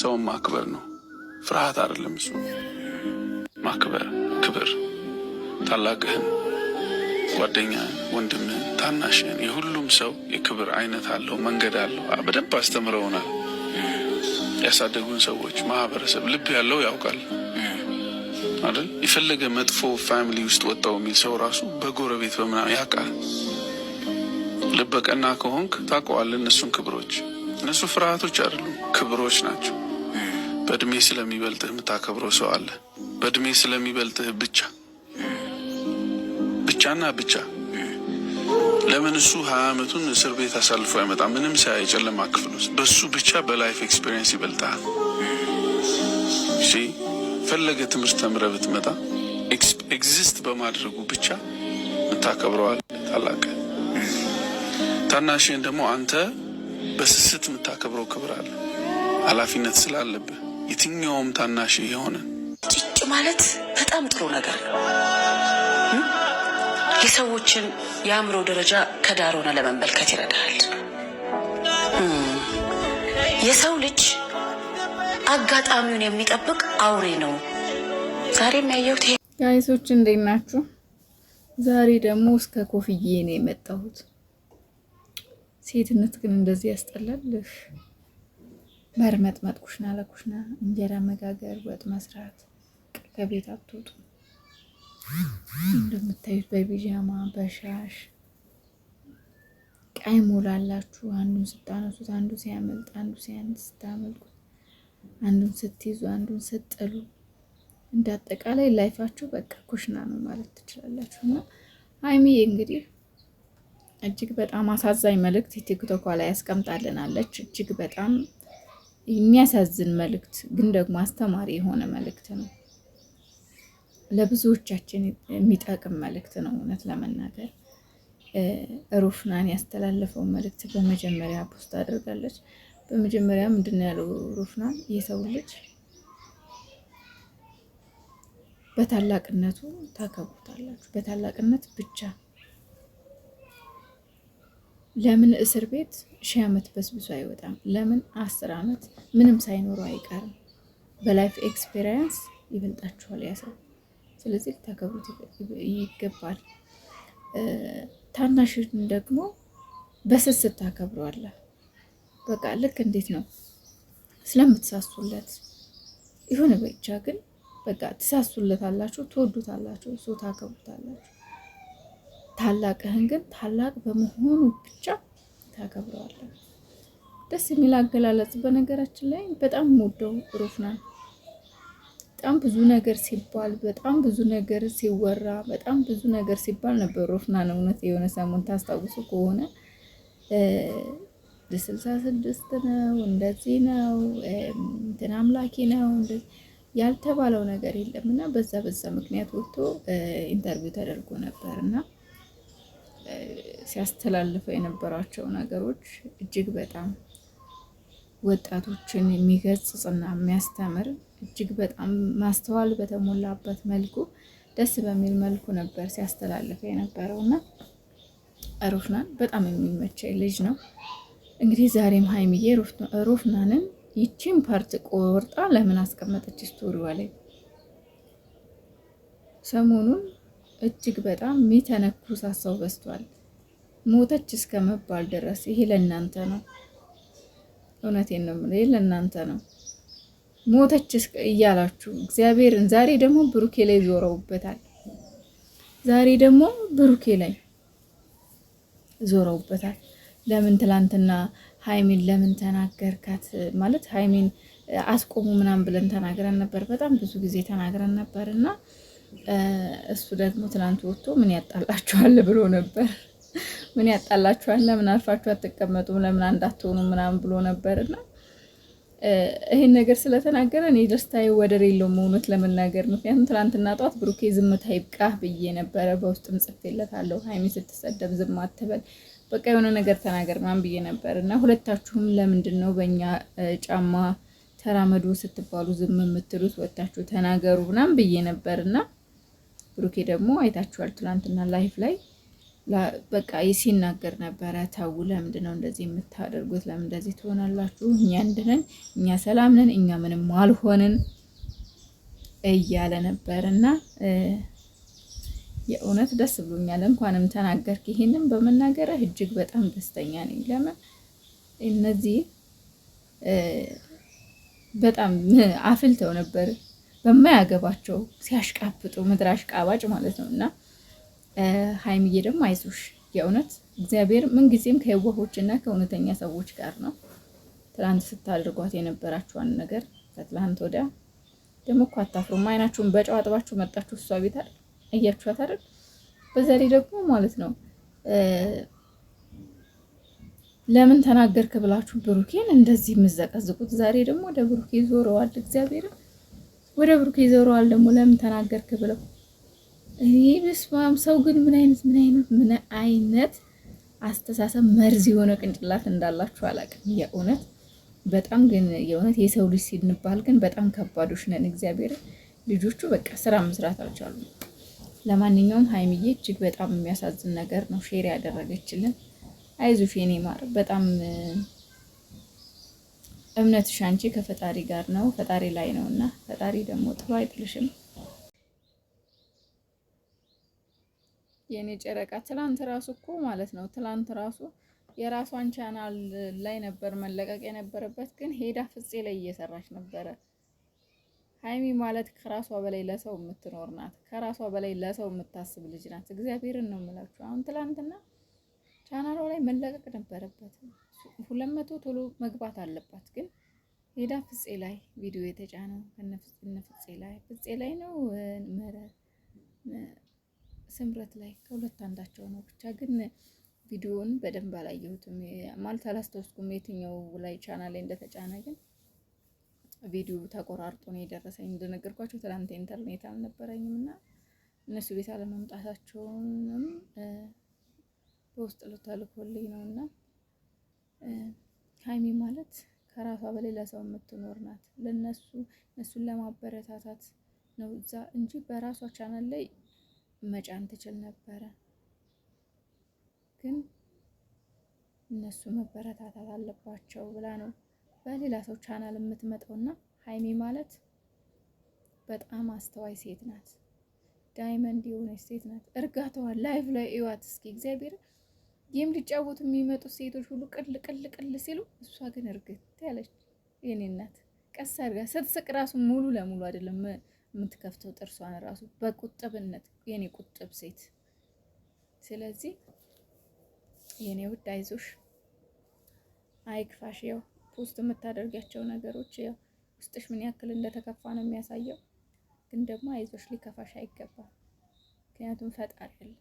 ሰውን ማክበር ነው። ፍርሃት አይደለም። እሱ ማክበር ክብር፣ ታላቅህን፣ ጓደኛህን፣ ወንድምህን፣ ታናሽህን የሁሉም ሰው የክብር አይነት አለው፣ መንገድ አለው። በደንብ አስተምረውናል ያሳደጉን ሰዎች። ማህበረሰብ ልብ ያለው ያውቃል አይደል? የፈለገ መጥፎ ፋሚሊ ውስጥ ወጣው የሚል ሰው ራሱ በጎረቤት በምናምን ያውቃል። ልበቀና ከሆንክ ታውቀዋለህ እነሱን ክብሮች። እነሱ ፍርሃቶች አይደሉም፣ ክብሮች ናቸው። በእድሜ ስለሚበልጥህ የምታከብረው ሰው አለ። በእድሜ ስለሚበልጥህ ብቻ ብቻና ብቻ። ለምን እሱ ሀያ ዓመቱን እስር ቤት አሳልፎ ያመጣ ምንም ሳያ የጨለማ ክፍል ውስጥ በእሱ ብቻ በላይፍ ኤክስፔሪየንስ ይበልጥሃል። ፈለገ ትምህርት ተምረ ብትመጣ ኤግዚስት በማድረጉ ብቻ ምታከብረዋል። ታላቅ ታናሽን ደግሞ አንተ በስስት የምታከብረው ክብር አለ ኃላፊነት ስላለብህ የትኛውም ታናሽ የሆነ ጭጭ ማለት በጣም ጥሩ ነገር ነው። የሰዎችን የአእምሮ ደረጃ ከዳር ሆነ ለመመልከት ይረዳል። የሰው ልጅ አጋጣሚውን የሚጠብቅ አውሬ ነው። ዛሬ የሚያየሁት ጋይሶች፣ እንዴት ናችሁ? ዛሬ ደግሞ እስከ ኮፍዬ ነው የመጣሁት። ሴትነት ግን እንደዚህ ያስጠላልህ። መርመጥመጥ፣ ኩሽና ለኩሽና እንጀራ መጋገር፣ ወጥ መስራት፣ ከቤት አትወጡ። እንደምታዩት በቢጃማ በሻሽ ቀይ ሞላላችሁ። አንዱን ስታነሱት አንዱ ሲያመልጥ፣ አንዱ ሲያንስ ስታመልጡት፣ አንዱን ስትይዙ፣ አንዱን ስጥሉ እንደ አጠቃላይ ላይፋችሁ በቃ ኩሽና ነው ማለት ትችላላችሁ። እና ሀይሚዬ እንግዲህ እጅግ በጣም አሳዛኝ መልእክት ቲክቶኳ ላይ ያስቀምጣልናለች። እጅግ በጣም የሚያሳዝን መልእክት ግን ደግሞ አስተማሪ የሆነ መልእክት ነው። ለብዙዎቻችን የሚጠቅም መልእክት ነው። እውነት ለመናገር ሩፍናን ያስተላለፈው መልእክት በመጀመሪያ ፖስት አድርጋለች። በመጀመሪያ ምንድን ነው ያለው ሩፍናን? የሰው ልጅ በታላቅነቱ ታከብሩታላችሁ፣ በታላቅነት ብቻ ለምን እስር ቤት ሺህ ዓመት በስብሶ አይወጣም? ለምን አስር ዓመት ምንም ሳይኖረው አይቀርም? በላይፍ ኤክስፔሪየንስ ይበልጣችኋል ያ ሰው። ስለዚህ ታከብሩት ይገባል። ታናሽን ደግሞ በስስት ታከብረዋለ። በቃ ልክ እንዴት ነው ስለምትሳሱለት ይሁን ብቻ ግን በቃ ትሳሱለት አላችሁ፣ ትወዱት አላችሁ፣ ሶ ታከብሩት አላችሁ። ታላቅህን ግን ታላቅ በመሆኑ ብቻ ታከብረዋለህ። ደስ የሚል አገላለጽ። በነገራችን ላይ በጣም የምወደው ሮፍናን በጣም ብዙ ነገር ሲባል በጣም ብዙ ነገር ሲወራ በጣም ብዙ ነገር ሲባል ነበር። ሮፍናን እውነት የሆነ ሰሞን ታስታውሱ ከሆነ ስልሳ ስድስት ነው እንደዚህ ነው እንትን አምላኪ ነው ያልተባለው ነገር የለም እና በዛ በዛ ምክንያት ወጥቶ ኢንተርቪው ተደርጎ ነበር እና ሲያስተላልፈው የነበሯቸው ነገሮች እጅግ በጣም ወጣቶችን የሚገጽጽና የሚያስተምር እጅግ በጣም ማስተዋል በተሞላበት መልኩ ደስ በሚል መልኩ ነበር ሲያስተላልፈ የነበረው እና ሮፍናን በጣም የሚመቸኝ ልጅ ነው። እንግዲህ ዛሬም ሀይሚዬ ሮፍናንን ይቺን ፓርት ቆርጣ ለምን አስቀመጠች ስቶሪዋ ላይ ሰሞኑን እጅግ በጣም የሚተነኩሳት ሰው በዝቷል። ሞተች እስከ መባል ድረስ ይሄ ለእናንተ ነው። እውነቴን ነው የምልህ፣ ይሄ ለእናንተ ነው። ሞተች እያላችሁ እግዚአብሔርን ዛሬ ደግሞ ብሩኬ ላይ ዞረውበታል። ዛሬ ደግሞ ብሩኬ ላይ ዞረውበታል። ለምን ትላንትና ሀይሚን ለምን ተናገርካት? ማለት ሀይሚን አስቆሙ ምናምን ብለን ተናግረን ነበር። በጣም ብዙ ጊዜ ተናግረን ነበር እና እሱ ደግሞ ትናንት ወጥቶ ምን ያጣላችኋል ብሎ ነበር። ምን ያጣላችኋል? ለምን አርፋችሁ አትቀመጡም? ለምን አንድ አትሆኑ? ምናምን ብሎ ነበር እና ይሄን ነገር ስለተናገረ እኔ ደስታዬ ወደር የለውም እውነት ለመናገር ምክንያቱም ትናንትና ጠዋት ብሩኬ ዝምታ ይብቃ ብዬ ነበረ። በውስጥም ጽፌለታለሁ ሀይሚ ስትሰደብ ዝም አትበል በቃ የሆነ ነገር ተናገር ማን ብዬ ነበር እና ሁለታችሁም ለምንድን ነው በእኛ ጫማ ተራመዱ ስትባሉ ዝም የምትሉት? ወታችሁ ተናገሩ ምናምን ብዬ ነበር እና ብሩኬ ደግሞ አይታችኋል፣ ትናንትና ላይፍ ላይ በቃ ሲናገር ነበረ። ተው ለምንድን ነው እንደዚህ የምታደርጉት? ለምን እንደዚህ ትሆናላችሁ? እኛ እንድነን፣ እኛ ሰላም ነን፣ እኛ ምንም አልሆንን እያለ ነበር እና የእውነት ደስ ብሎኛል። እንኳንም ተናገርክ። ይሄንን በመናገረ እጅግ በጣም ደስተኛ ነኝ። ለምን እነዚህ በጣም አፍልተው ነበር በማያገባቸው ሲያሽቃብጡ ምድር አሽቃባጭ ማለት ነው። እና ሀይሚዬ ደግሞ አይዞሽ የእውነት እግዚአብሔር ምንጊዜም ከየዋሆች እና ከእውነተኛ ሰዎች ጋር ነው። ትላንት ስታደርጓት የነበራችኋን ነገር ከትላንት ወዲያ ደግሞ እኮ አታፍሩም። አይናችሁን በጨው አጥባችሁ መጣችሁ እሷ ቤት አይደል እያችኋት አይደል? በዛ ላይ ደግሞ ማለት ነው ለምን ተናገርክ ብላችሁ ብሩኬን እንደዚህ የምዘቀዝቁት ዛሬ ደግሞ ወደ ብሩኬ ዞረዋል እግዚአብሔርም ወደ ብሩክ ይዞረዋል ደግሞ ለምን ተናገርክ ብለው እኔ ምስማም ሰው ግን ምን አይነት ምን አይነት ምን አይነት አስተሳሰብ መርዝ የሆነ ቅንጭላት እንዳላችሁ አላውቅም። የእውነት በጣም ግን የእውነት የሰው ልጅ ሲንባል ግን በጣም ከባዶች ነን። እግዚአብሔር ልጆቹ በቃ ስራ መስራት አልቻሉ። ለማንኛውም ሀይሚዬ እጅግ በጣም የሚያሳዝን ነገር ነው ሼር ያደረገችልን። አይዞሽ የኔ ማር በጣም እምነትሽ አንቺ ከፈጣሪ ጋር ነው፣ ፈጣሪ ላይ ነው እና ፈጣሪ ደግሞ ጥሩ አይጥልሽም። የኔ ጨረቃ ትላንት ራሱ እኮ ማለት ነው ትላንት ራሱ የራሷን ቻናል ላይ ነበር መለቀቅ የነበረበት፣ ግን ሄዳ ፍፄ ላይ እየሰራች ነበረ። ሀይሚ ማለት ከራሷ በላይ ለሰው የምትኖር ናት። ከራሷ በላይ ለሰው የምታስብ ልጅ ናት። እግዚአብሔርን ነው የምላችሁ አሁን ትላንትና ቻናሏ ላይ መለቀቅ ነበረበት። ሁለት መቶ ቶሎ መግባት አለባት። ግን ሄዳ ፍፄ ላይ ቪዲዮ የተጫነው ከነ ፍፄ ላይ ፍፄ ላይ ነው መረ ስምረት ላይ ከሁለት አንዳቸው ነው። ብቻ ግን ቪዲዮውን በደንብ አላየሁትም ማለት አላስታውስኩም የትኛው ላይ ቻናል ላይ እንደተጫነ ግን ቪዲዮ ተቆራርጦ ነው የደረሰኝ። እንደነገርኳቸው ትናንት ኢንተርኔት አልነበረኝም እና እነሱ ቤት አለመምጣታቸውንም በውስጥ ልታልኮልኝ ነው እና ሀይሚ ማለት ከራሷ በላይ ለሰው የምትኖር ናት። ለነሱ እነሱን ለማበረታታት ነው እዛ እንጂ በራሷ ቻናል ላይ መጫን ትችል ነበረ። ግን እነሱ መበረታታት አለባቸው ብላ ነው በሌላ ሰው ቻናል የምትመጣውና ሀይሚ ማለት በጣም አስተዋይ ሴት ናት። ዳይመንድ የሆነች ሴት ናት። እርጋታዋ ላይቭ ላይ እዋት እስኪ እግዚአብሔር ይህም ሊጫወቱ የሚመጡት ሴቶች ሁሉ ቅል ቅል ቅል ሲሉ፣ እሷ ግን እርግት ያለች የኔ እናት ቀስ አድርጋ ስትስቅ ራሱ ሙሉ ለሙሉ አይደለም የምትከፍተው ጥርሷን ራሱ በቁጥብነት የኔ ቁጥብ ሴት። ስለዚህ የኔ ውድ አይዞሽ፣ አይክፋሽ። ያው ፖስት የምታደርጋቸው ነገሮች ያው ውስጥሽ ምን ያክል እንደተከፋ ነው የሚያሳየው። ግን ደግሞ አይዞሽ፣ ሊከፋሽ አይገባም። ምክንያቱም ፈጣሪ አለ።